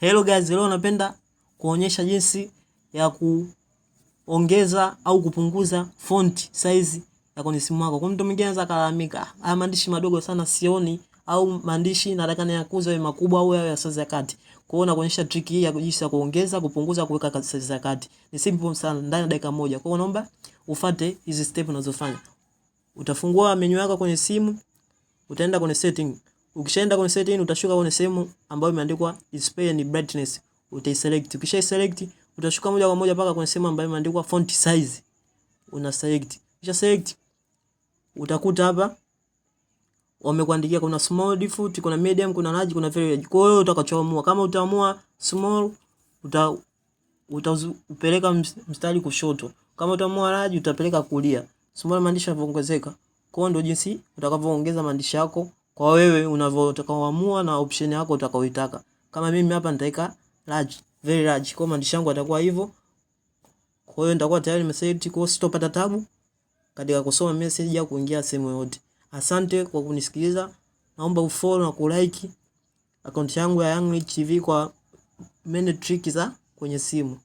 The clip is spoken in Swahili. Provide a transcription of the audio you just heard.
Hello guys, leo napenda kuonyesha jinsi ya kuongeza au kupunguza font size ya kwenye simu yako. Kwa mtu mwingine anaweza kalalamika, haya ah, maandishi madogo sana sioni au maandishi nataka ni niyakuze yawe makubwa au yawe ya size ya kati. Kwa hiyo nakuonyesha trick hii ya jinsi ya kuongeza, kupunguza, kuweka size ya kati. Ni simple sana ndani ya dakika moja. Kwa hiyo naomba ufuate hizi step unazofanya. Utafungua menu yako kwenye simu, utaenda kwenye setting. Ukishaenda kwenye setting utashuka kwenye sehemu ambayo imeandikwa display and brightness, utaiselect. Ukishaselect utashuka moja kwa moja paka kwenye sehemu ambayo imeandikwa font size, una select. Kisha select utakuta hapa wamekuandikia kuna small default, kuna medium, kuna large, kuna very large. Kwa hiyo utakachoamua, kama utaamua small uta utapeleka mstari kushoto, kama utaamua large utapeleka kulia. Small maandishi yanavyoongezeka, kwa hiyo ndio jinsi utakavyoongeza maandishi yako kwa wewe unavyoamua na option yako utakaoitaka. Kama mimi hapa nitaweka large, very large. Kwa maandishi yangu atakuwa hivyo. Kwa hiyo nitakuwa tayari nimeseti, kwa sitopata tabu katika kusoma message au kuingia sehemu yoyote. Asante kwa kunisikiliza. Naomba ufollow na kulike akaunti yangu ya Young Rich TV kwa many tricks za kwenye simu.